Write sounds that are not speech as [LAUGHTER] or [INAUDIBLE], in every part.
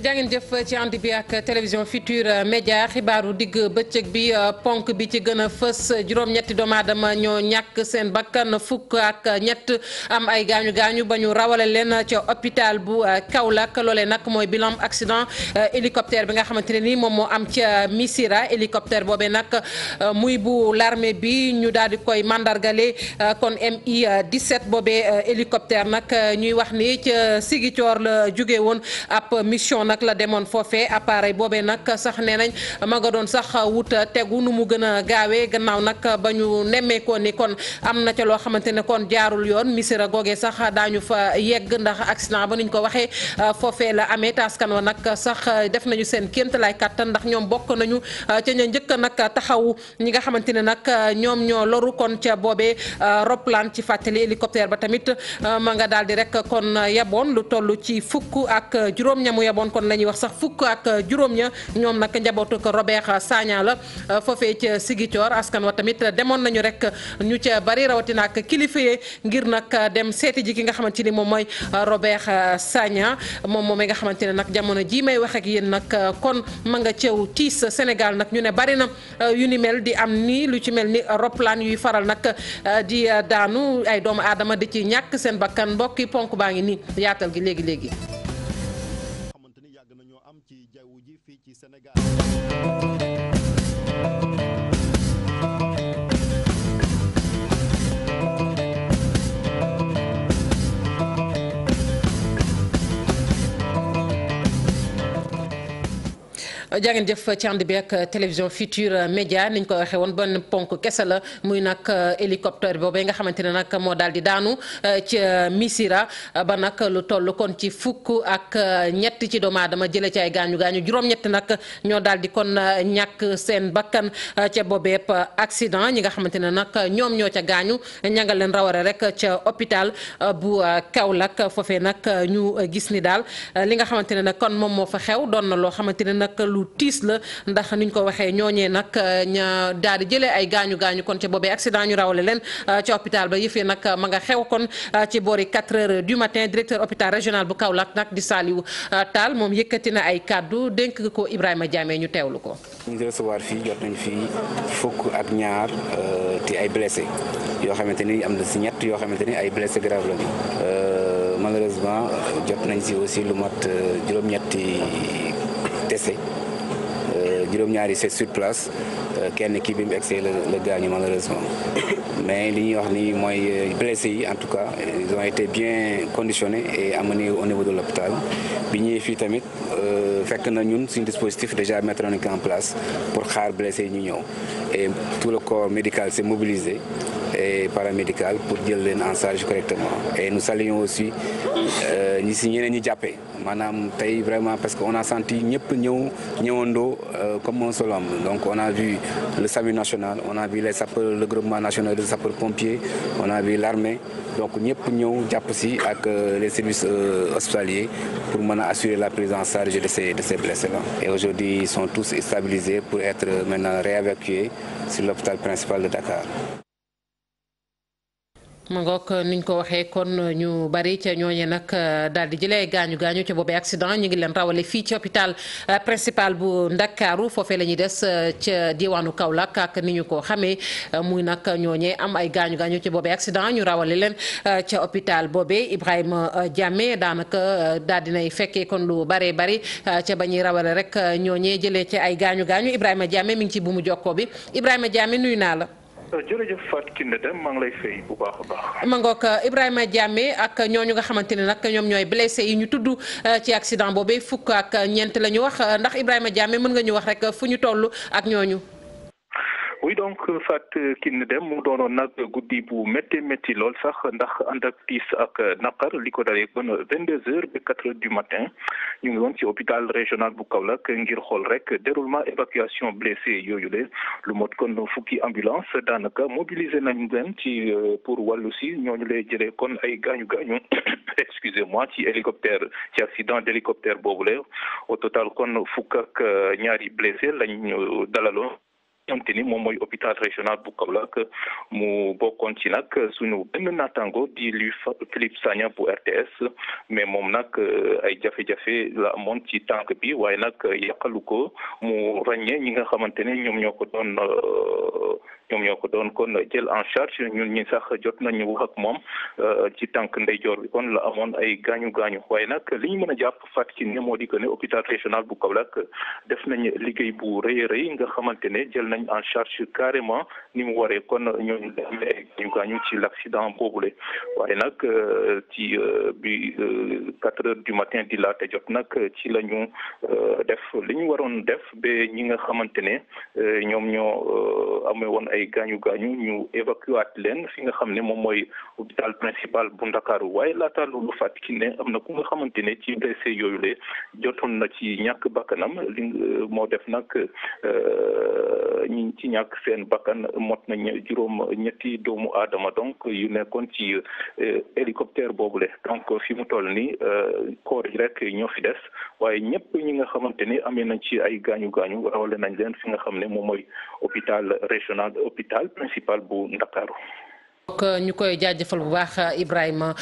jàngeen jëf ci ànd bi ak télévision future Média xibaaru digg bëccëg bi euh, ponk bi ci gën a fës juróom-ñetti doomu aadama ñoo ñàkk seen bakkan fukk ak ñett am ay gaañu gaañu ba ñu rawale leen ca hôpital bu euh, Kaolack loolee nag mooy bilan accident euh, hélicoptère bi nga xamante ne ni moom moo am ca Missira hélicoptère boobee nag muy bu l'armée bi ñu daal di koy mandargale kon MI 17 boobee hélicoptère nag ñuy wax ni ca Ziguinchor la jóge woon ab mission. mission nag la demoon foofee appareil boobee nag sax nee nañ ma nga doon sax wut tegu nu mu gën a gaawee gannaaw nag ba ñu nemmeekoo ni kon am na ca loo xamante ne kon jaarul yoon misira googe sax daañu fa yegg ndax accident ba nuñ ko waxee foofe la amee taskan wa nag sax def nañu seen ként lay kattan ndax ñoom bokk nañu ca ña njëkk nag taxaw ñi nga xamante ne nag ñoom ñoo loru kon ca boobe uh, roplaan ci fàttali hélicoptère ba tamit uh, ma nga daal rek kon kon lañuy wax sax fukk ak juróom ña ñoom nag njabootu ko Robert Sagna la euh, foofee ca Sigicoor askan wa tamit demoon nañu rek ñu ca bari rawatina ak kilifa yi ngir nag dem seeti ji ki nga xamante ni moom mooy Robert Sagna moom moom nga xamante ne nag jamono jii may wax ak yéen nag euh, kon ma nga ceew tiis Sénégal nag ñu ne bari na euh, yu ni mel di am nii lu ci mel ni roplaan yuy faral nag di daanu ay doomu aadama di ci ñàkk seen bakkan mbokki ponk baa ngi nii yaatal gi léegi léegi. Sénégal jaa ngeen jëf ci ànd bi ak télévision Futur Média ni ñu ko waxee woon benn ponk kese la muy nag euh, hélicoptère boobee nga xamante ne nag moo daal di daanu euh, ca euh, Missirah ba nag lu toll kon ci fukk ak ñett ci doomu dama jëlee ci ay gaañu gaañu juróom-ñett nag ñoo daal di kon ñàkk seen bakkan ca boobeep accident ñi nga xamante ne nag ñoom ñoo ca gaañu ña leen raware rek ca hôpital bu Kaolack foofe nag ñu gis ni daal li nga xamante ne nag kon moom moo fa xew doon na loo xamante nag lu lu tiis la ndax niñ ko waxee ñooñee nag euh, ña daal di jëlee ay gaañu gaañu kon ca boobee accident ñu rawale leen euh, ci hôpital ba yëfee nag ma nga xew kon euh, ci boori 4 heures du matin directeur hôpital régional bu Kaolack nag di Saliou taal moom yëkkati na ay kàddu dénk ko Ibrahima Diamé ñu teewlu ko. ñu ngi recevoir fii jot nañ fii fukk ak ñaar ti ay blessé yoo xamante ni am na si ñett yoo xamante ni ay blessé grave lañu malheureusement jot nañ si aussi lu mat juróom-ñetti juróom-ñaari seet sur place euh, kenn kii bi mu egsee la la gaañu malheureusement mais li ñuy wax ni mooy euh, blessé yi en tout cas ils ont été bien conditionnés et amenés au niveau de l'hôpital bi ñuy fii tamit euh, fekk na ñun suñu dispositif déjà mettre nañ ko en place pour xaar blessé yi ñu ñëw et tout le corps médical s'est mobilisé et paramédicales pour jël leen en charge correctement et nous saluons aussi euh, ñi si ñeneen ñi jàppee maanaam tey vraiment parce que on a senti ñëpp ñëw ñëwandoo euh, comme un seul homme donc on a vu le SAMU national on a vu les le groupement national de sapeurs pompiers on a vu l'armée donc ñëpp ñëw jàpp si ak euh, les services hospitaliers pour mën a assurer la prise en charge de ces de ces blessés là et aujourd'hui ils sont tous stabilisés pour être maintenant réévacués sur l'hôpital mu ngoog ñu ko waxee kon ñu bari ca ñooñe nag euh, daal di jëlee gaañu gaañu ca boobu accident ñu ngi leen rawale fii ci hôpital euh, principal bu Ndakaaru foofee la ñuy des euh, ca diwaanu Kaolack ak ni ñu ko xamee muy nag ñooñee am ay gaañu gaañu ca boobu accident ñu rawale leen ca hôpital boobe Ibrahima Diame daanaka daal dinay fekkee kon lu baree bari ca ba ñuy rawale rek ñooñee jële ci ay gaañu gaañu Ibrahima Diame mu ngi ci bu mu jokkoo bi Ibrahima Diame nuyu Euh, jërëjëf Fatou Kiné Deme maa ngi lay fay bu baax baax. ma ngoog euh, Ibrahima Diame ak ñooñu nga xamante ne nag ñoom ñooy blessé yi ñu tudd euh, ci accident boobee fukk ak ñeent la ñu wax ndax Ibrahima Diame mën nga ñu wax rek fu ñu toll ak ñooñu. oui donc euh, Fatou euh, Kiné dem mu doonoon nag guddi bu métti métti lool sax ndax ànd ak ak euh, naqar li ko dale kon vingt deux heures ba quatre heures du matin ñu ngi woon ci hôpital régional bu Kaolack ngir xool rek déroulement évacuation blessé yooyu le lu mot kon fukki ambulance daanaka mobilisé nañ leen ci pour wàllu si ñooñu lay jëlee kon ay gaañu gaañu [COUGHS] excusez-moi ci hélicoptère ci accident d'hélicoptère boobu le au total kon fukk ak ñaari blessé lañ dalaloon xamante ni moom mooy hôpital régional bu Kaolack mu bokkoon ci nag suñu benn naataango di lu Philippe Sagna bu RTS mais moom nag euh, ay jafe-jafe la amoon ci tànk bi waaye nag yàqalu ko mu ràññee ñi nga xamante ne ñoom ñoo ko doon euh, ñoom ñoo ko doon kon jël en charge ñun ñi sax jot nañu wax ak moom euh, ci tànk ndeyjoor bi kon la amoon ay gaañu gaañu waaye nag li ñu mën a jàpp Fatou Kiné moo di hôpital régional bu Kaolack def nañ liggéey bu rëy a nga xamante jël nañ nañ en charge carrément ni mu waree kon ñooñu demee ñu gaañu ci l'accident le waaye nag euh, ci euh, bi euh, quatre heures du matin di laate jot nag ci la ñu def li ñu waroon def ba ñi nga xamante ne ñoom ñoo amee woon ay gaañu gaañu ñu évacuer leen fi nga xam ne moom mooy hôpital principal bu Ndakaaru waaye laata loolu fàttali ne am na ku nga xamante ne ci blessé yooyu le jotoon na ci ñàkk bakkanam li moo def nag ñi ci ñàkk seen bakkan mot nañ juróom ñetti doomu aadama donc yu nekkoon ci eh, hélicoptère boobule donc fi mu toll nii eh, koor yi rek ñoo fi des waaye ñëpp ñi nga xamante ni amee nañ ci ay gaañu gaañu rawale nañ leen fi nga xam ne moom mooy hôpital régional hôpital principal bu Ndakaaru Euh, ñu koy jaajëfal bu baax euh, Ibrahima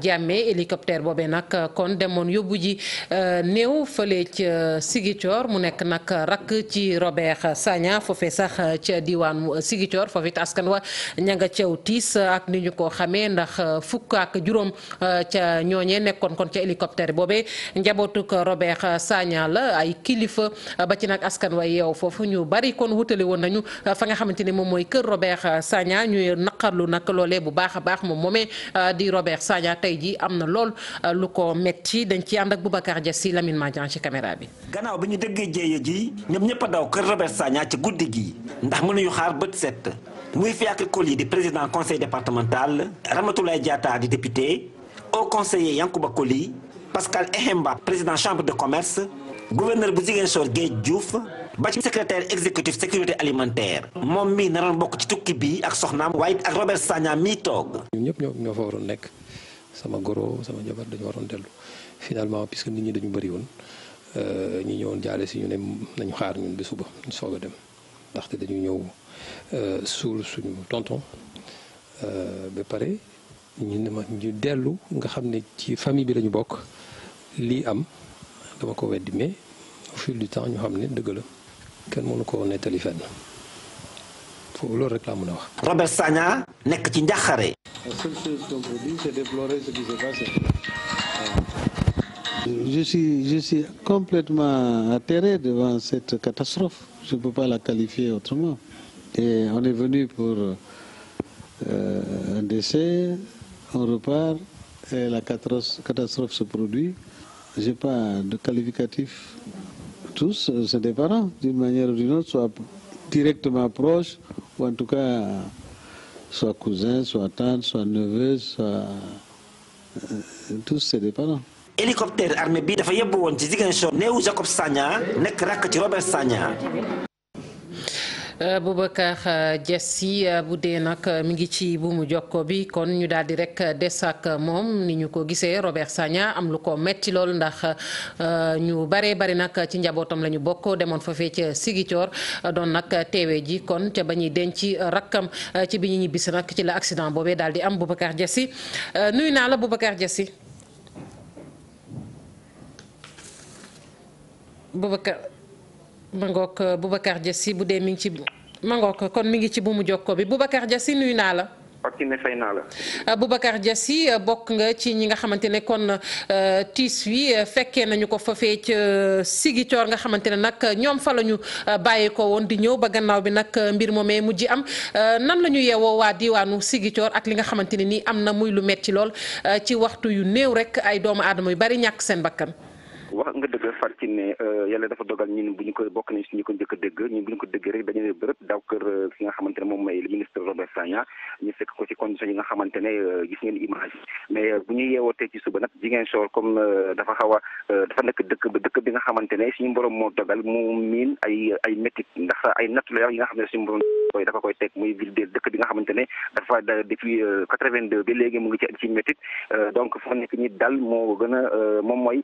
Diame euh, hélicoptère boobee nag kon demoon yóbbu ji néew fële ca Ziguinchor mu nekk nag rakk ci robeex Sagna foofee sax ca diwaanu Ziguinchor foofu it askan wa ña nga caw tiis ak ni ñu ko xamee ndax fukk ak juróom ca ñooñee nekkoon kon ca hélicoptère boobee njabootuk Robert Sagna la ay kilifa ba ci nag askan wa yeew foofu ñu bari kon wutale woon nañu fa nga xamante ni moom mooy kër Robert Sagna ñuy naqarlu nag loolee bu baax a baax moom moomee euh, di Robert Sagna tey ji am na lool euh, lu ko metti dañ ci ànd ak Boubacar Dia si Lamine Madian ci caméra bi. gannaaw bi ñu déggee jéeya ji ñoom ñëpp a daw kër Robert Sagna ci guddi gi ndax mënuñu xaar bët set muy Fiacre Coly di président conseil départemental Ramatoulaye Diatta di député au conseiller Yankouba Coly Pascal Ehemba président chambre de commerce. gouverneur bu Ziguinchor Guèye Diouf ba ci secrétaire exécutif sécurité alimentaire moom mii naroon bokk ci tukki bi ak soxnaam waaye ak Robert Sagna mii toog. ñun ñëpp ñoo ñoo fa waroon nekk sama goro sama jabar dañu waroon dellu finalement puisque nit ñi dañu bëri woon euh, ñi ñëwoon jaale si ñu ne nañu xaar ñun ba suba ñu soog a dem ndaxte dañu ñëw euh, suul suñu tonton euh, ba pare ñu ne ma ñu dellu nga xam ne ci famille bi lañu bokk lii am. dama ko weddi mais au fil du temps ñu wax. nekk ci njàqare. la seule chose qu'on peut dire c'est déplorer ce Je suis, complètement atterré devant cette catastrophe. Je ne peux pas la qualifier autrement. Et on est venu pour euh, un décès, on repart et la catastrophe se produit. j'ai pas de qualificatif. Tous, euh, c'est des parents, d'une manière ou d'une autre, soit directement proches, ou en tout cas, soit cousins, soit tantes, soit neveux, soit. Euh, tous, c'est des parents. hélicoptère armée bi dafa yebbu woon ci Ziguinchor néewu Jacob Sagna nekk rakk ci Robert Sagna Euh, Boubacar euh, Diassi euh, bu dee nag mu ngi ci buumu jokko bi kon ñu daal di rek des ak moom ni ñu ko gisee robeex Sagna am lu ko metti lool ndax ñu baree bari nag ci njabootam la ñu bokk demoon fafee fee ca Sigicoor doon nag teewee ji kon ca ba ñuy denc rakkam ci bi ñu ñibbisi nag ci la accident boobee daal di am Boubacar Diassi nuyu naa la Boubacar Diassi Boubacar mangook ngoog euh, Boubacar Diassi bu dee mi ngi ci ma ngoog kon mi ngi ci bu mu jokkoo bi Boubacar Diassi nuyu naa la. Fatou fay naa la. Euh, euh, bokk nga ci ñi nga xamante ne kon tiis wi fekkee nañu ko fa fee ca Sigicoor nga xamante ne nag ñoom fa la ñu bàyyi ko woon di ñëw ba gannaaw bi nag mbir moomee mujj am nan lañu ñu yeewoo waa diwaanu Sigicoor ak li nga xamante ni nii am na muy lu metti lool ci waxtu yu néew rek ay doomu aadama yu bari ñàkk seen bakkan. wax nga dëgg farci ne euh, yàlla dafa dogal ñun bu ñu koy bokk nañ si ñu ko njëkk a dégg ñun bu ñu ko déggee rek dañu ne bërëb daw kër euh, ki nga xamante ne moom mooy le ministre Robert Sagna ñu fekk ko ci condition yi nga xamante euh, gis ngeen image mais bu ñu yeewootee ci suba nag jigéen soor comme dafa xaw dafa nekk dëkk bi nga xamante ne suñu mboroom moo dogal mu miin ay ay métit ndax ay nattu la yi nga xam ne suñu borom koy dafa koy teg muy ville de dëkk bi nga xamante ne dafa depuis quatre vingt deux ba mu ngi ci ci métit donc fa nekk moo gën a moom mooy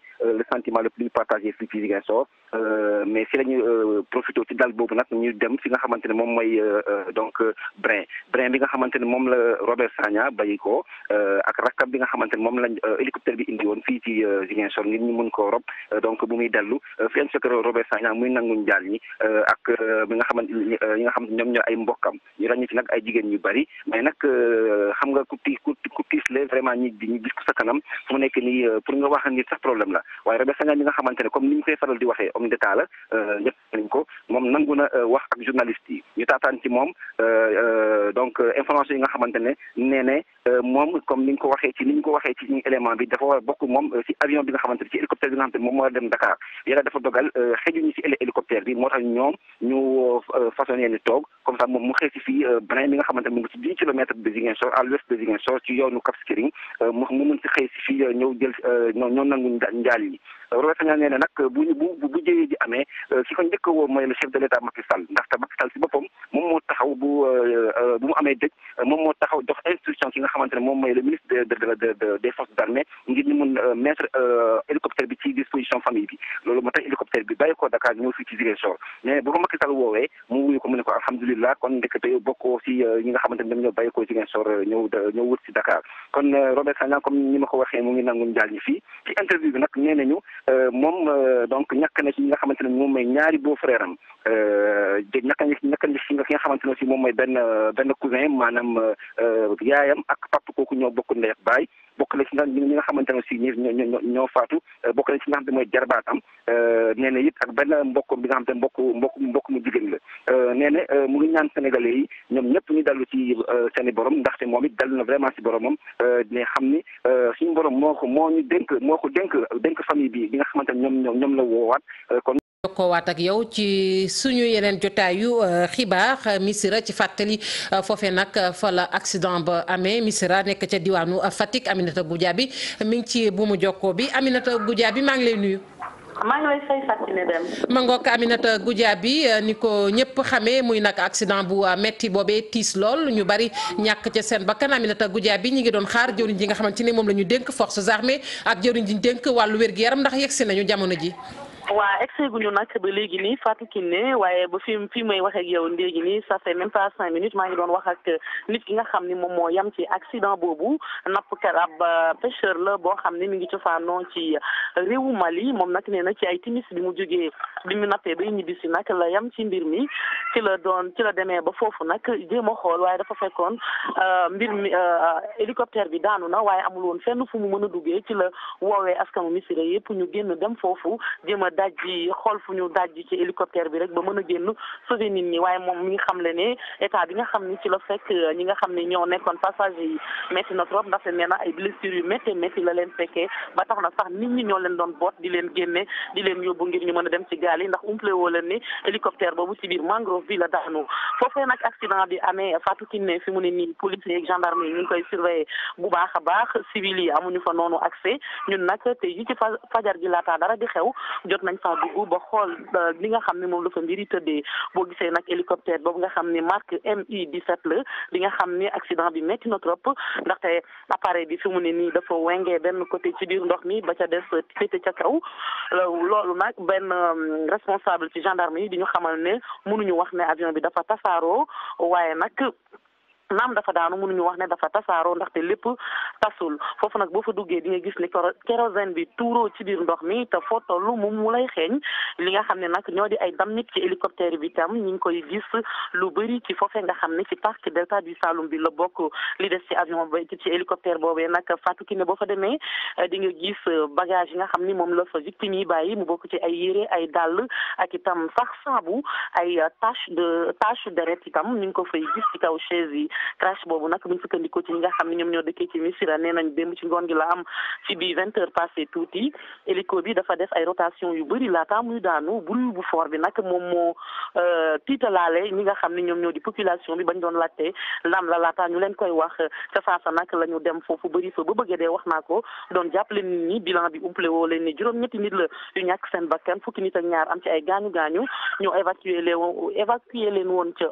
événement le plus partagé fii ci Ziguinchor euh, mais si la ñu euh, profité ci dal boobu nag ñu dem fi nga xamante ne moom mooy euh, donc brin brin bi nga xamante moom la Robert Sagna bàyyi ko ak rakkab bi nga xamante ne moom lañ hélicoptère bi indi woon fii ci Ziguinchor ngir ñu mun koo rob donc bu muy dellu fi inspecteur Robert Sagna muy nanguñ jaal ñi ak bi nga xamante ñi nga xam ñoom ñoo ay mbokkam ñu ràññi ci nag ay jigéen ñu bari mais nag xam nga ku ti ku tiis le vraiment ñi ñu gis ko sa kanam fu mu nekk nii pour nga wax nit la Diagne mi nga xamante comme ni ñu koy faral di waxee homme d'état la euh, ñëpp ko moom nangu na euh, wax ak journaliste yi ñu taataan ci moom euh, donc information yi nga xamante ne nee ne moom comme ni ñu ko waxee ci ni ñu ko waxee ci ñu élément bi dafa war a bokk moom si avion bi nga xamante ci hélicoptère bi moo dem Dakar yàlla tax ñoom ñu façonné ni toog comme ça moom mu xëy si fii beneen bi nga xamante mu ngi si dix kilomètres de Ziguinchor à l'ouest de Ziguinchor ci yoonu Cap Skirring mu mun si xëy si fii ñëw jël roletana nee ne nag bu bu bu jëyee ji amee euh, ki ko njëkk woo mooy le chef de l'état Macky Sall ndaxte si boppam moom moo taxaw bu euh, euh, bu mu amee dëj moom moo taxaw jox instruction ki nga xamante ne moom mooy le ministre de de des forces armées ngir ñu mun hélicoptère bi ci disposition famille bi loolu moo tax hélicoptère bi bàyyi ko Dakar ñëw fii ci Ziguinchor mais bu ko woowee mu wuyu ko mu ne ko alhamdulilah kon ndekete bokkoo si nga xamante ne dañ ñoo bàyyi ko Ziguinchor ñëw ñëw wut si Dakar kon Robert Sagna comme ni ma ko waxee mu ngi nangu njaal ñi fii ci interview nag nee nañu Euh, moom euh, donc ñàkk na ci ñi nga xamante ne moom mooy ñaari beau frère am euh, ñàkk na ñàkk na ci nga xamante aussi moom mooy benn benn cousin maanaam yaayam ak papa kooku ñoo bokk ndey ak baay bokk na ci nag ñi nga xamante ne aussi ñi ñoo ñoo faatu bokk na ci nga xam ne mooy jarbaatam nee na it ak benn mbokkom bi nga xam ne mbokk mbokk mbokk mu jigéen la nee na mu ngi ñaan sénégalais yi ñoom ñëpp ñu dallu ci seen i borom ndaxte moom it dal na vraiment si boromam dina xam ni suñ borom moo ko moo ñu dënk moo ko dénk dénk famille bi bi nga xamante ñoom ñoom ñoom la woowaat euh, kon. jokkoowaat ak yow ci suñu yeneen jotaayu euh, xibaar euh, Missirah ci fàttali foofe nag fa la accident ba amee Missirah nekk ca diwaanu Fatick Aminata Goudiaby mi ngi ci buumu jokkoo bi Aminata Goudiaby maa ngi lay nuyu. maa ngi lay fay Fatou dem ma ngoog Aminata Goudiaby euh, ni ko ñëpp xamee muy nag accident bu euh, metti boobee tiis lool ñu bari ñàkk ca seen bakkan Aminata bi ñi ngi doon xaar jëwriñ ji nga xamante ni moom la ñu dénk forces armées ak jëwriñ ji ñu dénk wàllu wér-gu-yaram ndax yegsi nañu jamono ji. waa egg seeguñu ba léegi nii Fatou Kiné waaye ba fi fii may wax ak yow léegi nii ça fait même pas cinq minutes maa ngi doon wax ak nit ki nga xam ni moom moo yam ci accident boobu nappkat ab euh, pêcheur la boo xam ni mi ngi cosaanoo ci réewu Mali moom nag nee na ci ay timis bi mu jógee bi mu nappee bay ñibbisi nak la yam ci mbir mi ci la doon ci la demee ba foofu nag jéem a xool waaye dafa fekkoon euh, mbir mi euh, hélicoptère bi daanu na waaye amul woon fenn fu mu mën a duggee ci la woowee askanu misira yëpp ñu génn dem foofu dajji xool fu ñu dajji ci hélicoptère bi rek ba mën a génn sauver nit ñi waaye moom mi ngi xam le ne état bi nga xam ni ci la fekk euh, ñi nga xam ne ñoo nekkoon passager yi métti na trop ndaxte nee na ay blessures yu métti métti la leen fekkee ba tax na sax nit ñi ñoo leen doon boot di leen génne di leen yóbbu ngir ñu mën a dem ci gaal yi ndax umple woo leen ni hélicoptère boobu ci biir mangrove bi la daanu foofee nag accident bi amee Fatou Kiné fi mu ne nii police yeeg gendarme yi bu baax a baax civil yi amuñu fa noonu accès te yi ci gi laataa dara di xew nañ ba xool li nga xam ne moom la fa mbiri tëddee boo gisee nag hélicoptère boobu nga xam ne marque MI 17 la li nga xam ne accident bi métti na trop ndaxte appareil bi fi mu ne nii dafa wengee benn côté ci biir ndox mi ba ca des féete ca kaw loolu nag benn euh, responsable ci gendarme yi di ñu xamal ne mënuñu wax ne avion bi dafa tasaaroo waaye nag naam dafa daanu mënuñu wax ne dafa tasaaroo ndaxte lépp tasul foofu nag boo fa duggee di nga gis ni kérosène bi tuuroo ci biir ndox mi te foo toll mu mu lay xeeñ li nga xam ne nag ñoo di ay dam nit ci hélicoptère bi tam ñu ngi koy gis lu bëri ci foofe nga xam ne ci parc delta du Saloum bi la bokk li des ci avion ba ci hélicoptère boobee nag Fatou Kiné boo fa demee eh, di nga gis eh, bagage yi nga xam ni moom la fa victime yi bàyyi mu bokk ci ay yére ay dàll ak itam sax saabu ay eh, tache de tache deret itam ñu ngi ko fay ci kaw chaise yi trace boobu nag buñ sukkandikoo ci ñi nga xam ne ñoom ñoo dëkkee ci Missirah nee nañ démb ci ngoon gi la am ci bi vingt heures tuuti hélico bi dafa def ay rotation yu bëri laata euh, ñi nga xam ne ñoom ñoo di population bi bañ doon laajte lam la laata ñu leen koy wax ca saasa la ñu dem foofu bëri fa ba bëggee dee wax naa ko doon jàppale nit ñi bilan bi umple woo leen ni juróom-ñetti nit la yu ñàkk seen bakkan fukki nit ak ñaar am ci ay gaañu gaañu ñu évacué leen évacué leen woon ca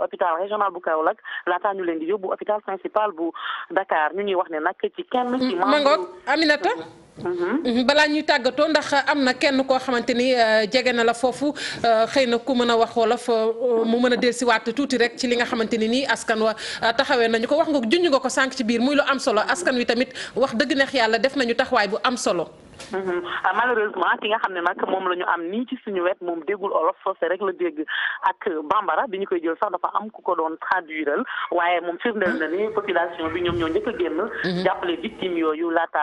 bu hôpital principal bu Dakar ñu ñuy wax ne nag ci kenn ci mm, mangoog Aminata mm-hmm. Mm-hmm. balaa ñuy tàggatoo ndax am na kenn koo xamante ni euh, jege na la foofu euh, xëy na ku mën a wax wolof euh, mu mën a dellusiwaat tuuti rek ci li nga xamante ni nii askan wa taxawee nañu ko wax nga junj nga ko sànq ci biir muy lu am solo askan wi tamit wax dëgg neex yàlla def nañu taxawaay bu am solo Mhm. Ah, malheureusement ki nga xam ne nag moom la ñu am nii ci suñu wet moom déggul olof soose rek la dégg ak bambara bi ñu koy jël sax dafa am ku ko doon traduiral waaye moom firndeel na ni population bi ñoom ñoo njëkk a génn mhm. jàppale victime yooyu laata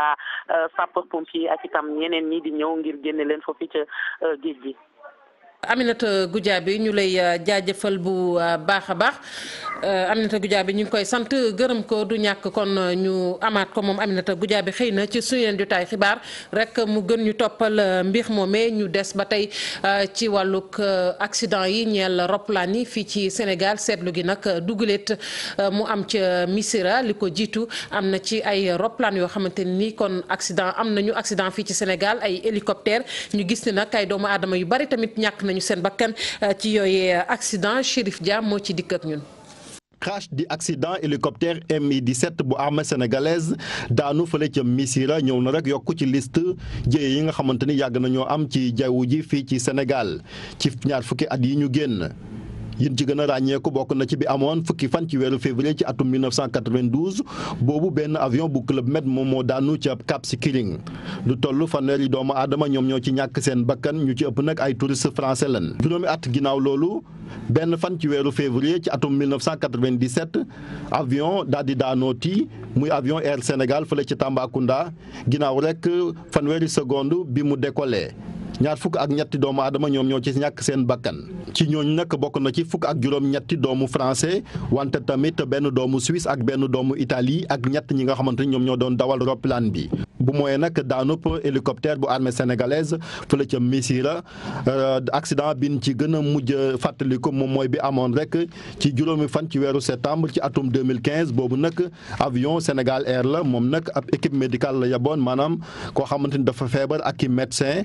euh, sapeur pompier ak itam ñeneen ñi di ñëw ngir génne leen foofu ci euh, géej gi Aminata Goudiaby ñu lay euh, jaajëfal bu euh, baax a baax euh, Aminata bi ñu ngi koy sant gërëm ko du ñàkk kon ñu amaat ko moom Aminata bi xëy na ci suñu leen jotaay xibaar rek mu gën ñu toppal mbir moomee ñu des ba tey ci wàllug accident yi ñeel roplaan yi fii ci Sénégal seetlu gi nag duguleet mu am ca Missira li ko jiitu am na ci ay roplaan yoo xamante ni kon accident am nañu accident fii ci Sénégal ay hélicoptère ñu gis ni nag ay doomu aadama yu bari nañu seen bakkan euh, ci yooyee euh, accident Chérif Dia moo ci dikk ak ñun. crash di accident hélicoptère MI-17 bu armée sénégalaise daanu fële ca Missira ñëw na rek yokk ci list jëye yi nga xamante ni yàgg nañoo am ci jaww ji fii ci Sénégal ci ñaar fukki at yi ñu génn. yin ci gën a ràññeeku bokk na ci bi amoon fukki fan ci weeru février ci atum 1992 boobu benn avion bu Club Med moom moo daanu ca Cap Skirring lu toll fanweeri doomu aadama ñoom ñoo ci ñàkk seen bakkan ñu ci ëpp nag ay touristes français lan juróomi at ginnaaw loolu benn fan ci weeru février ci atum 1997 avion daal di daanooti muy avion Air Sénégal fële ci Tambacounda ginnaaw rek fanweeri seconde bi mu décollé ñaar fukk ak ñetti doomu adama ñoom ñoo ci ñàkk seen bakkan ci ñooñu nag bokk na ci fukk ak juróom-ñetti doomu français wante tamit benn doomu Suisse ak benn doomu Italie ak ñett ñi nga xamante ni ñoom ñoo doon dawal roppalaan bi. bu mooyee nag daanub hélicoptère bu armée sénégalaise fële ca Missira euh, accident bin ci gën a mujj fàttaliku moom mooy bi amoon rek ci juróomi fan ci weeru septembre ci atum 2015 boobu nag avion Sénégal Air la moom nag ab équipe médicale la yaboon maanaam koo xamante ni dafa feebar ak i médecin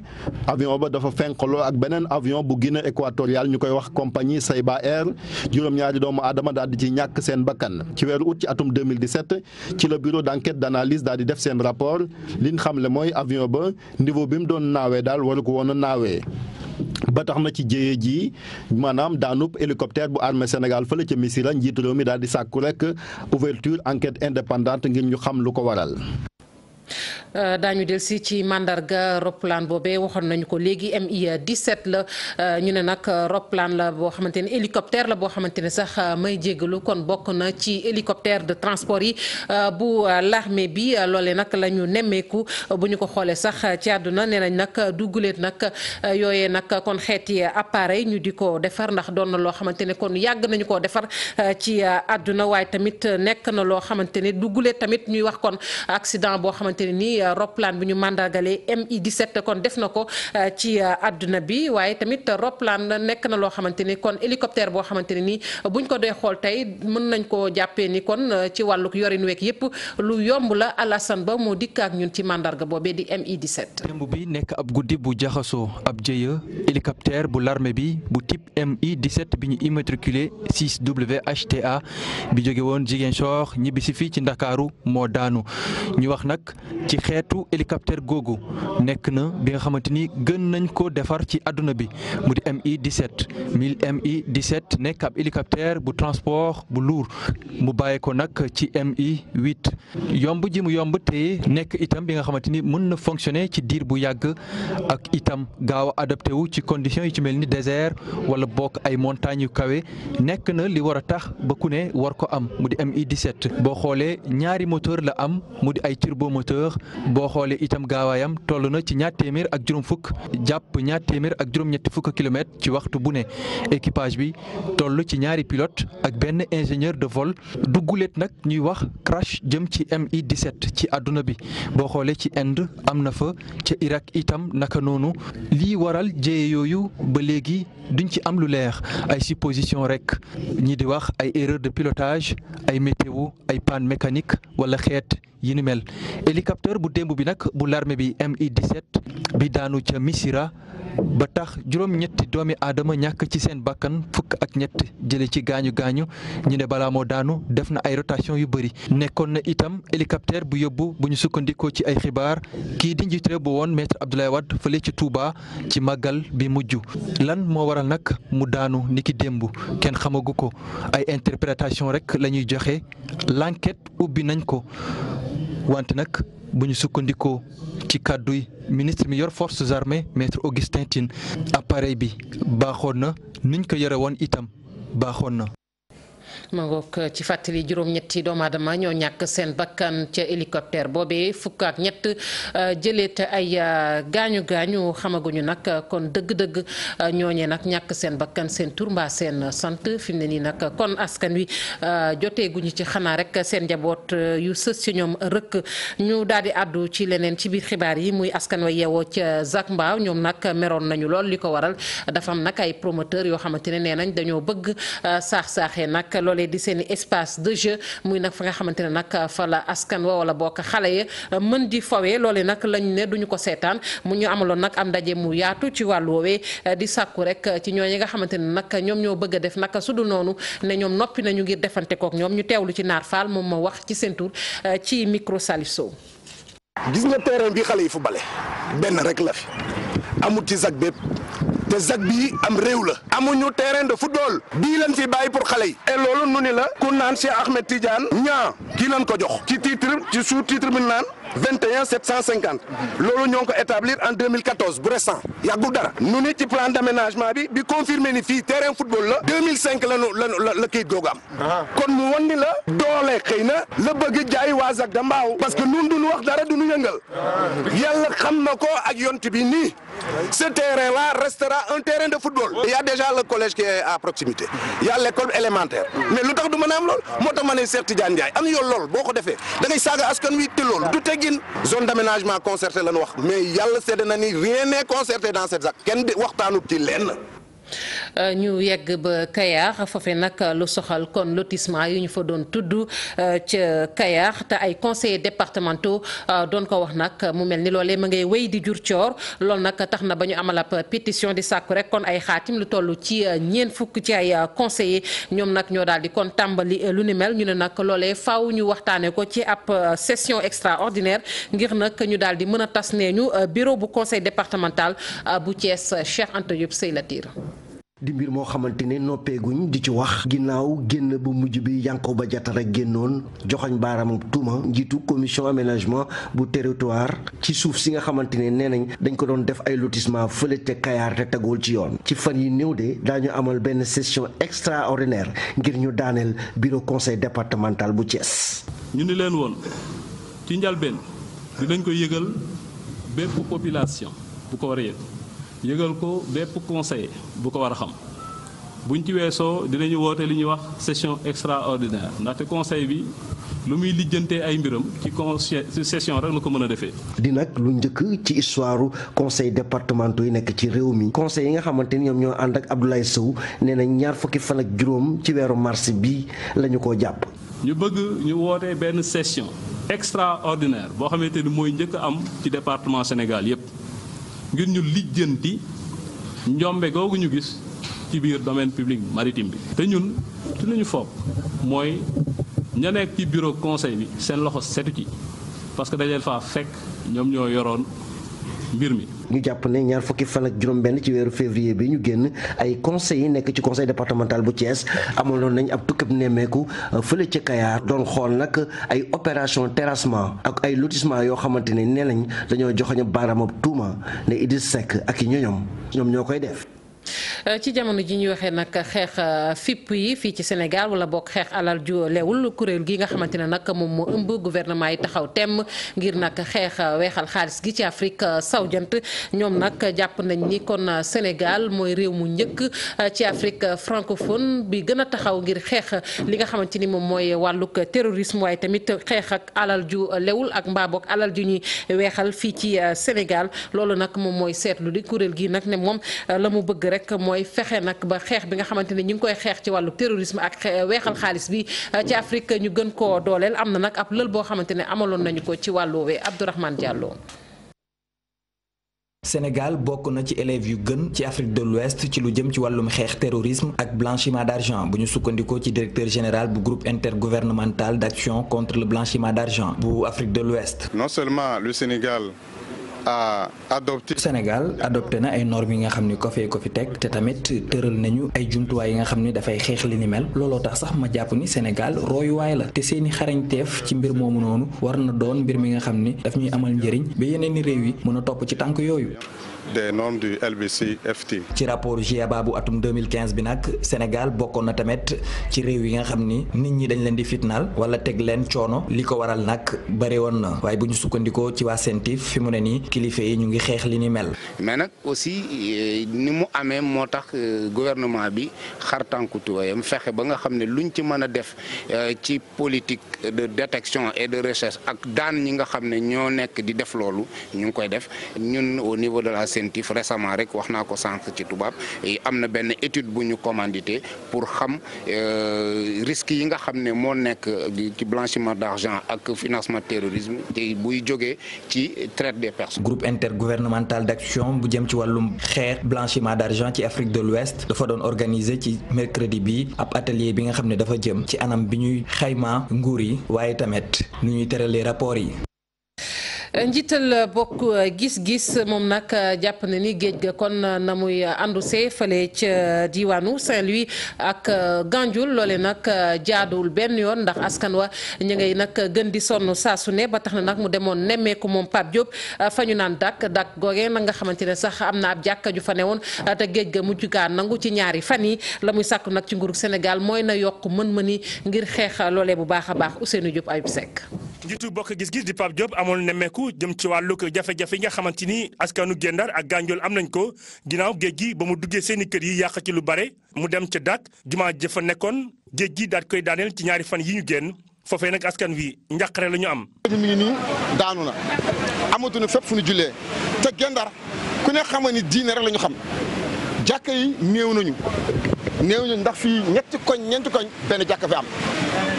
avion ba dafa fenqaloo ak beneen avion bu Guinée équatoriale ñu koy wax compagnie Saiba Air juróom-ñaari doomu aadama daal di ci ñàkk seen bakkan ci weeru août ci atum 2017 ci la bureau d' enquête d' analyse daal di def seen rapport li ñu xamle mooy avion ba niveau bi mu doon naawee daal waru ko woon a naawee. ba tax na ci jéye ji maanaam daanub hélicoptère bu armée Sénégal fële ca Missirah njiitu réew mi daal di sàkku rek ouverture enquête indépendante ngir ñu xam lu ko waral. Euh, daañu del si ci mandarga roplaan boobee waxoon nañu ko léegi MI 17 la euh, ñu ne nag euh, roplaan la boo xamante ne hélicoptère la boo xamante ne sax may jéggalu kon bokk na ci hélicoptère de transport yi bu l'armée bi loole nag lañu nemmeeku bu ñu ko xoolee sax ci àdduna nee nañ nag dugguleet nag yooyee nag kon xeeti appareil ñu di ko defar ndax doon na loo xamante ne kon yàgg nañu koo defar ci àdduna waaye tamit nekk na loo xamante ne dugguleet tamit ñuy wax kon tey euh, roplaan bi ñu mandargalee MI-17 kon def na ko euh, ci euh, àdduna bi waaye tamit roplaan nekk na loo xamante ni kon hélicoptère boo xamante ne nii buñ ko dee xool tey mën nañ koo jàppee ni kon ci wàllug yorin week yépp lu yomb la Alassane Ba moo dikk ak ñun ci màndarga boobee di MI-17. démb bi nekk ab guddi bu jaxasoo ab jëya hélicoptère bu l'armée bi bu type MI-17 bi ñu immatriculé t a bi jóge woon ñibbi si fii ci Ndakaaru moo daanu ñu xeetu hélicoptère googu nekk na bi nga xamante ni gën nañ ko defar ci àdduna bi mu di Mi di set Mi nekk ab hélicoptère bu transport bu lourd mu bàyyeekoo nag ci Mi 8 yomb ji mu yomb te nekk itam bi nga xamante ni mën na fonctionner ci diir bu yàgg ak itam gaaw a adapté wu ci conditions yi ci mel ni désert wala bokk ay montagnes yu kawe nekk na li war a tax ba ku ne war ko am mu di Mi 17 boo xoolee ñaari moteur la am mu di ay turbomoteur boo xoolee itam gaawaayam toll na ci ñaar ak juróom jàpp ñaar téeméer ak juróom fukk kilomètre ci waxtu bu ne équipage bi toll ci ñaari pilote ak benn ingénieur de vol dugguleet nag ñuy wax crash jëm ci Mi 17 ci adduna bi boo xoolee ci Inde am na fa ca Irak itam naka noonu lii waral jéye yooyu ba léegi duñ ci am lu leex ay supposition rek ñi di wax ay erreur de pilotage ay météo ay panne mécanique wala xeet yi ni mel hélicoptère bu démb bi nag bu l'armée bi Mi-17 bi daanu ca Missirah ba tax juróom-ñetti doomi aadama ñàkk ci seen bakkan fukk ak ñett jële ci gaañu gaañu ñu ne balaa moo daanu def na ay rotation yu bëri nekkoon na itam hélicoptère bu yóbbu bu ñu sukkandikoo ci ay xibaar kii di njiit bu woon maître Abdoulaye Wade fële ci Touba ci màggal bi mujj lan moo waral nag mu daanu niki démb kenn xamagu ko ay interprétation rek la ñuy joxe l'enquête ubbi nañ ko wante nag bu ñu sukkandikoo ci kàddu yi ministre mi yor forces armées maître Augustin Tine appareil bi baaxoon na niñ ko yore woon itam baaxoon na. ma ngoog eh, ci fàttali juróom-ñetti doomu ñoo ñàkk seen bakkan ca hélicoptère boobee fukk ak ñett eh, jëleet ay eh, gaañu gaañu xamaguñu nag kon dëgg-dëgg ñooñee nag ñàkk seen bakkan seen tur mbaa seen sant fi mu ne nii nag kon askan wi joteeguñu ci xanaa rek seen njaboot yu sës ci ñoom rëkk ñu daal di àddu ci leneen ci biir xibaar yi muy askan wa yeewoo ca Zac Mbao ñoom nag meroon nañu lool li ko waral dafa am nag ay promoteur yoo xamante ne nee nañ dañoo bëgg saax loolee di seen espace de jeu muy nag fa nga xamante ne nag fa la askan wa wala bokk xale ya mën di fowe loolee nag lañ ne duñu ko seetaan mu ñu amaloon nag am ndaje mu yaatu ci wàllu woowee di sàkku rek ci ñooñu nga xamante ne nag ñoom ñoo bëgg a def nag su noonu ne ñoom noppi nañu ngir defante kook ñoom ñu lu ci naar faal moom ma wax ci seen tur ci micro Salif Sow gis nga terrain bi xale yi fu bale benn rek la fi amut ci sac bépp te ZAC bii am réew la amuñu terrain de football bii lañ fi bàyyi pour xale yi e et loolu nu ni la ku naan Cheikh Ahmed Tidiane ñaa kii lañ ko jox ci titre ci sous titre bi naan 21 750 loolu ñoo ngi ko établir en 2014 bu récent yàggul dara nu ni ci plan d' aménagement bi bi confirmé ni fii terrain football la 2005 la nu la la la kayit ah. kon mu wan la doole xëy na la bëgg jaay waa Zac de Mbao parce que nun duñu wax dara duñu yëngal ah. yàlla xam na ko ak yont bi nii ce terrain là restera un terrain de football. il y a déjà le collège qui est proximité il y élémentaire mais lu tax du mën a am moo tax ma ne Cheikh Tidiane Ndiaye am yoon boo ko defee da ngay askan wi te teggin zone d'aménagement concerté lañu wax mais yàlla seede na ni rien n'est concerté dans cette ZAC kenn di waxtaanu ci lenn Euh, ñu yegg ba Kayar foofee nag lu soxal kon lotissement yu ñu fa doon tudd euh, ca Kayar te ay conseillers départementaux euh, doon ko wax nag mu mel ni loolee ma ngay wéy di jur coor loolu nag tax na ba ñu amal ab pétition di sàkku rek kon ay xaatim lu toll ci ñeen fukk ci ay conseillers ñoom nag ñoo daal di kon tàmbali lu ni mel ñu ne nag loole faaw ñu waxtaanee ko ci ab session extraordinaire ngir nag ñu daal di mën a tas nee ñu bureau bu conseil départemental bu Thiès Cheikh Anta Diop Seylatir di mbir moo xamante ne noppeeguñ di ci wax ginnaaw génn bu mujj bi Yankhoba Diattara génnoon joxoñ baaraam tuuma njiitu commission aménagement bu territoire ci suuf si nga xamante ne nee nañ dañ ko doon def ay lotissement fële te Kayaar te teguwul ci yoon ci fan yi néew de daañu amal benn session extraordinaire ngir ñu daaneel bureau conseil départemental bu Thiès. ñu ni leen woon ci njalbeen dinañ ko yëgal bépp population bu ko war yëgal ko bépp conseil bu ko war a xam buñ ci weesoo dinañu woote li ñuy wax session extraordinaire ndaxte conseil bi lu muy lijjantee ay mbiram ci conseil ci session rek la ko mën a defee. di nag lu njëkk ci histoire conseil départementaux yi nekk ci réew mi. conseil yi nga xamante ni ñoom ñoo ànd ak Abdoulaye Sow nee ñaar fukki fan ak juróom ci weeru mars bi lañu ñu ko jàpp. ñu bëgg ñu woote benn session extraordinaire boo xamante ni mooy njëkk am ci département Sénégal yépp ngir ñu lijjanti njombe googu ñu gis ci biir domaine public maritime bi. te ñun ci lu ñu mooy ña nekk ci bureau conseil bi seen loxo setu ci parce que dañ leen fekk ñoom ñoo yoroon mbir mi. ñu jàpp ne ñaar fukki fan ak juróom-benn ci weeru février bi ñu génn ay conseils yi nekk ci conseil départemental bu Thiès amaloon nañ ab tukkib nemmeeku euh, fële ci kayaar doon xool nag ay opération terrassement ak ay lotissement yoo xamante ne nee nañ dañoo joxoñ baaraamab tuuma ne Idriss Seck ak i ñoñom ñoom ñoo koy def. Euh, ci jamono ji ñuy waxee nag xeex euh, fipp yi fii ci Sénégal wala bokk xeex alal ju leewul kuréel gi nga xamante ne nag moom moo ëmb gouvernement yi taxaw temm ngir nag xeex euh, weexal xaalis gi ci Afrique saw jant ñoom nag jàpp nañ ni kon Sénégal mooy réew mu njëkk ci Afrique francophone bi gën a taxaw ngir xeex li nga xamante ni moom mooy wàllug terrorisme waaye tamit xeex ak alal ju lewul ak mbaa bokk alal ju ñuy weexal fii ci Sénégal loolu nag moom mooy seetlu di kuréel gi nag ne moom la mu bëgg rek mooy fexe nag ba xeex bi nga xamante ni ñu ngi koy xeex ci wàllu terrorisme ak weexal xaalis bi ah, ci Afrique ñu gën koo dooleel am na nag ab lël boo xamante ne amaloon nañu ko ci wàllu woowee Abdourahmane Diallo. Sénégal bokk na ci élèves yu gën ci Afrique de l'Ouest ci lu jëm ci wàllum xeex terrorisme ak blanchiment d'argent bu ñu sukkandikoo ci directeur général bu groupe intergouvernemental d'action contre le blanchiment d'argent bu Afrique de l'Ouest. Non seulement le Sénégal Sénégal adopté na ay normes yi nga xam ni ko ko fi teg te tamit tëral nañu ay jumtuwaay yi nga xam ni dafay xeex li ni mel looloo tax sax ma jàpp ni Sénégal royuwaay la te seeni xarañteef ci mbir moomu noonu war na doon mbir mi nga xam ni daf ñuy amal njëriñ ba yeneen i réew yi mën a topp ci tànk yooyu. des normes du LBC-FT. ci rapport GIABA bu atum 2015 bi nag Sénégal bokkoon na tamit ci réew yi nga xam ni nit ñi dañ leen di fitnaal wala teg leen coono li ko waral nag bare woon na waaye bu ñu sukkandikoo ci waa CENTIF fi mu ne nii kilifa yi ñu ngi xeex li ni mel. mais nag aussi eh, ni mu amee moo tax eh, gouvernement bi xar tànku tuwaayam fexe ba nga xam ne lu ñu ci mën a def eh, ci politique de détection et de recherche ak daan ñi nga xam ne ñoo nekk di def loolu ñu ngi koy def ñun niveau de la CENTIF récemment rek wax naa ko sànq ci tubaab am na benn étude bu ñu commandité pour xam euh, risques yi nga xam ne moo nekk ci blanchiment d'argent ak financement terrorisme te buy jóge ci traite des personnes. groupe intergouvernemental d'action bu jëm ci wàllum xeex blanchiment d'argent ci Afrique de l'Ouest dafa doon organiser ci mercredi bi ab atelier bi nga xam ne dafa jëm ci anam bi ñuy xayma nguur yi waaye tamit nu ñuy tëralee rapport yi. njiital bokk gis-gis moom nag jàpp na ni géej ga kon na muy àndu see fële ca diwaanu Saint-Louis ak Ganjul loole nag jaaduwul benn yoon ndax askan wa ñu ngay nag gën di sonn saa su ne ba tax na nag mu demoon nemmeeku moom Pape Diop fa ñu naan dak dak googee na nga xamante ne sax am na ab jàkka ju fa newoon te géej ga mujj gaa nangu ci ñaari fan yi la muy sàkku nag ci nguuru Sénégal mooy na yokk mën-mëni ngir xeex loole bu baax a baax Ousseynou Diop Ayib Seck. njiitu sàkku jëm ci wàllu jafe-jafe yi nga xamante ni askanu Gendar ak Gandiol am nañ ko ginnaaw géej gi ba mu duggee seeni kër yi yàq ci lu bare mu dem ca dàkk jumaa jëf fa nekkoon géej gi daal koy daaneel ci ñaari fan yi ñu génn foofee nag askan wi njàqare lañu am. mi ngi na amatuñu fépp fu ñu jullee te Gendar ku ne xam ni diine rek la ñu xam jàkka yi néew nañu néew nañu ndax fii ñetti koñ ñeenti koñ benn jàkka fi am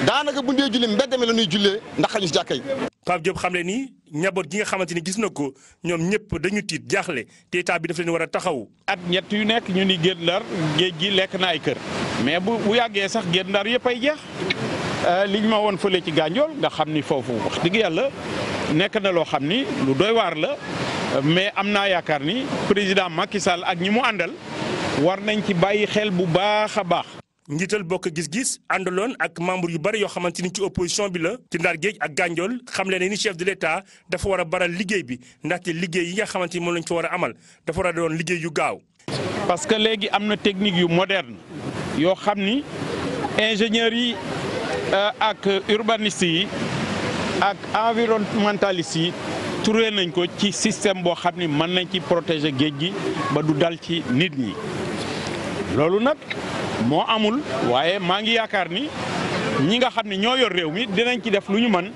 daanaka bu ndee julli mbedd mi la ñuy jullee ndax xañu si jàkka yi. Pape Diop xam le ni ñaboot gi nga xamante ni gis na ko ñoom ñëpp dañu tiit jaaxle te état bi daf leen war a taxawu. at ñett yu nekk ñu ni génn Ndar géej gi lekk na ay kër mais bu bu yàggee sax génn Ndar yëpp ay jeex euh, liñ ma woon fële ci gànjool nga xam ni foofu wax dëgg yàlla nekk na loo xam ni lu doy waar la mais am naa yaakaar ni président Macky Sall ak ñi mu àndal war nañ ci bàyyi xel bu baax a baax. njiital bokk gis-gis àndaloon ak membre yu bari yoo xamante ni ci opposition bi la ci Ndar Géej ak Gànjool xam leen ni chef de l'État dafa war a baral liggéey bi ndaxte liggéey yi nga xamante ni moom lañ fa war a amal dafa war a doon liggéey yu gaaw. parce que léegi am na technique yu moderne yoo xam ni ingénieurs yi euh, ak urbanistes yi ak environnementalistes yi. turee nañ ko ci système boo xam ni mën nañ ci protéger géej gi ba du dal ci nit ñi loolu nag moo amul waaye maa ngi yaakaar ni ñi nga xam ne ñoo yor réew mi dinañ ci def lu ñu mën.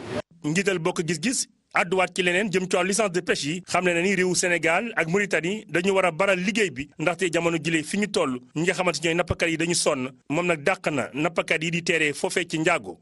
njiital bokk gis-gis adduwaat ci leneen jëm ci wàllu licence de pêche yi xam ne na ni réewu Sénégal ak Mauritanie dañu wara a baral liggéey bi ndaxte jamono jile fi ñu toll ñi nga xamante ñooy nappkat yi dañu sonn moom nag dàq na nappkat yi di teeree foofee ci njaago.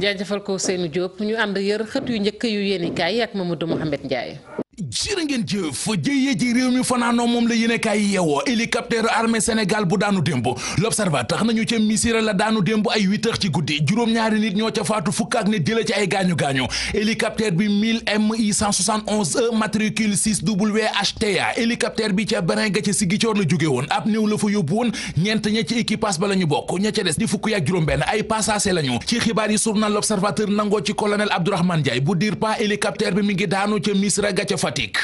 jaajëfal ko Seynou Diop ñu ànd yër xët yu njëkk yu yéenekaay ak Mamadou Mouhamed Ndiaye. jërë ngeen jëf jëyee ji fanaanoo moom la yéene kaay yeewoo hélicoptère armée Sénégal bu daanu démb l'observateur tax nañu ca misira la daanu démb ay huit ci guddi juróom-ñaari nit ñoo ca faatu fukk ak ne ci ay gaañu-gaañu hélicoptère bi 1000 MI 171 E matricule 6 WHTA hélicoptère bi ca Berenga ca Sigicoor la jóge woon ab néew la fa yóbbu woon ñeent ña ci ba la bokk ña des di fukk ak juróom benn ay passagers la ci xibaar yi journal Fatick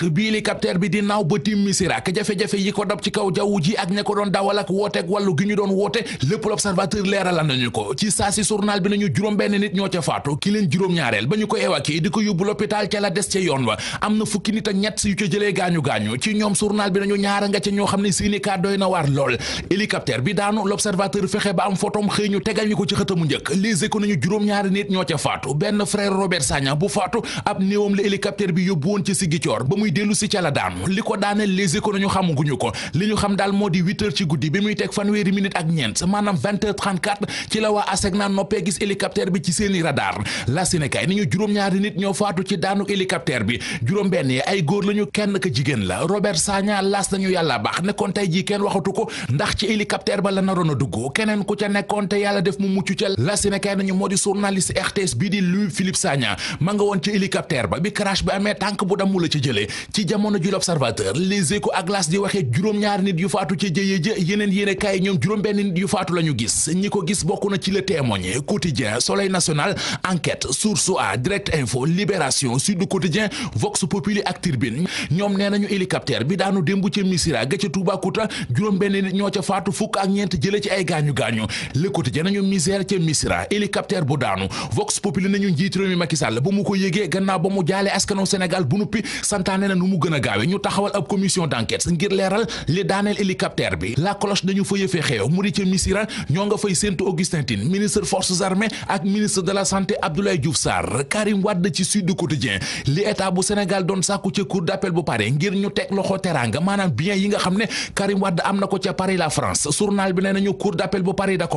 yi ko dab ci kaw jaww ji ak ña ko doon dawal ak wooteeg gi ñu doon woote lépp l'observateur leeral nañu ko ci saa si journal bi wa am na fukki nit ak ñett yu ca jëlee gaañu ñu juróom-ñaari nit ñoo ca faatu benn frère Robert Sagna bu faatu ab néewam la hélicoptère bi yóbbu ci siggi Dior ba muy dellu si ca la daanu li ko daane les éco nañu xamaguñu ko li ñu xam daal moo di huit ci guddi bi muy teg fanweeri minute ak ñeent maanaam ci la waa ASECNA noppee gis hélicoptère bi juróom benn yi ay góor lañu kenn ka jigéen la Robert Sagna las nañu yàlla baax nekkoon tey jii kenn waxatu ko ndax ci hélicoptère ba la naroon a dugg keneen ku ca nekkoon te yàlla def mu mucc ca la Sénégal nañu moo di journaliste RTS bii di Louis bi crash bi amee ci jëlee ci jamono ji l'observateur les échos ak las di waxee juróom-ñaari nit yu faatu ci jëye jë yeneen yéene kaay ñoom juróom-benn nit yu faatu la ñu gis ñi ko gis bokk na ci le témoin quotidien soleil national enquête source a direct info libération sud quotidien vox populi ak tribune ñoom nee nañu hélicoptère bi daanu démb ca misira ga ca Toubacouta juróom-benn ñoo ca faatu fukk ak ñeent jële ci ay gaañu gaañu le quotidien nañu misère ca misira bu daanu vox populi nañu njiit réew mi Macky Sall bu mu ko yëgee gannaaw ba mu jaale askanu Sénégal bu nuppi santaane na nu mu gën gaawe ñu taxawal ab commission d'enquête ngir leeral li daaneel hélicoptère bi la cloche dañu fa yëfee xew mu di ca Missira ñoo nga fay séntu Augustin Tine ministre forces armées ak ministre de la santé Abdoulaye Diouf Karim Wade ci Sud Quotidien li état bu Sénégal doon sàkku ca cour d'appel bu pare ngir ñu teg loxo teranga maanaam bien yi nga xam ne Karim Wade am na ko ca Paris la France journal bi nee nañu cour d'appel bu Paris na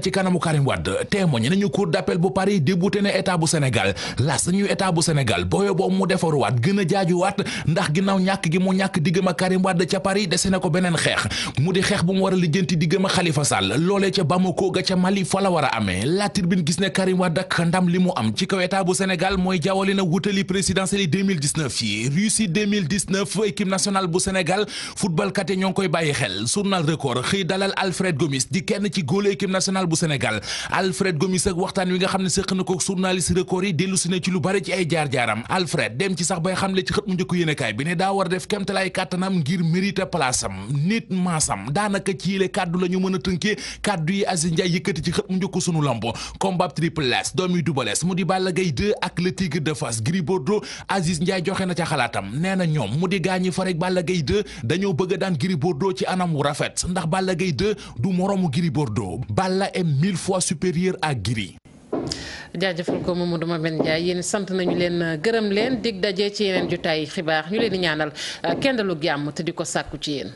ci kanamu Karim Wade témoigne nañu cour d'appel bu Paris débouté na état bu Sénégal las nañu état Sénégal booyo boobu mu defaruwaat gën a jaajuwaat ndax ginnaaw ñàkk gi mu ñàkk diggam Karim Wade ca Paris dese na ko beneen xeex mu di xeex bu mu war a lijjanti diggam ak Khalifa loolee ca Bamako ga ca Mali fa la war a amee La Tribune gis ne Karim Wade ak ndam li mu am ci kaw bu Sénégal mooy jaawale wutali présidentielle yi Russie équipe nationale bu Sénégal football ñoo koy bàyyi xel journal record xëy dalal Alfred Gomis di kenn ci góolu équipe nationale jaar-jaaram Alfred dem ci sax bay xamle ci xët mu njëkk yéenekaay bi ne daa war def kemtalaay kàttanam ngir mérite place am nit maasam daanaka ci yile kàddu la ñu mën a tënkee kàddu yi Aziz Ndiaye yëkkati ci xët mu njëkk sunu lamb combat triple S doomi Double Less mu di Balla gay 2 ak le Tigre de Fass Gris Bordeaux Aziz Ndiaye joxe na ca xalaatam nee na ñoom mu di gaañi fa rek Balla Gaye 2 dañoo bëgg a daan Gris Bordeaux ci anam wu rafet ndax Balla gay 2 du moroomu Gris Bordeaux Balla est mille fois supérieur à jaajëfal ko Mamadou Mabène Ndiaye yéen sant nañu leen gërëm leen dig daje ci yeneen jotaayu xibaar ñu leen di ñaanal kenn lu jàmm te di ko sàkku ci yéen.